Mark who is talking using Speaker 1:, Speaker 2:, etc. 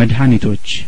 Speaker 1: መድኃኒቶች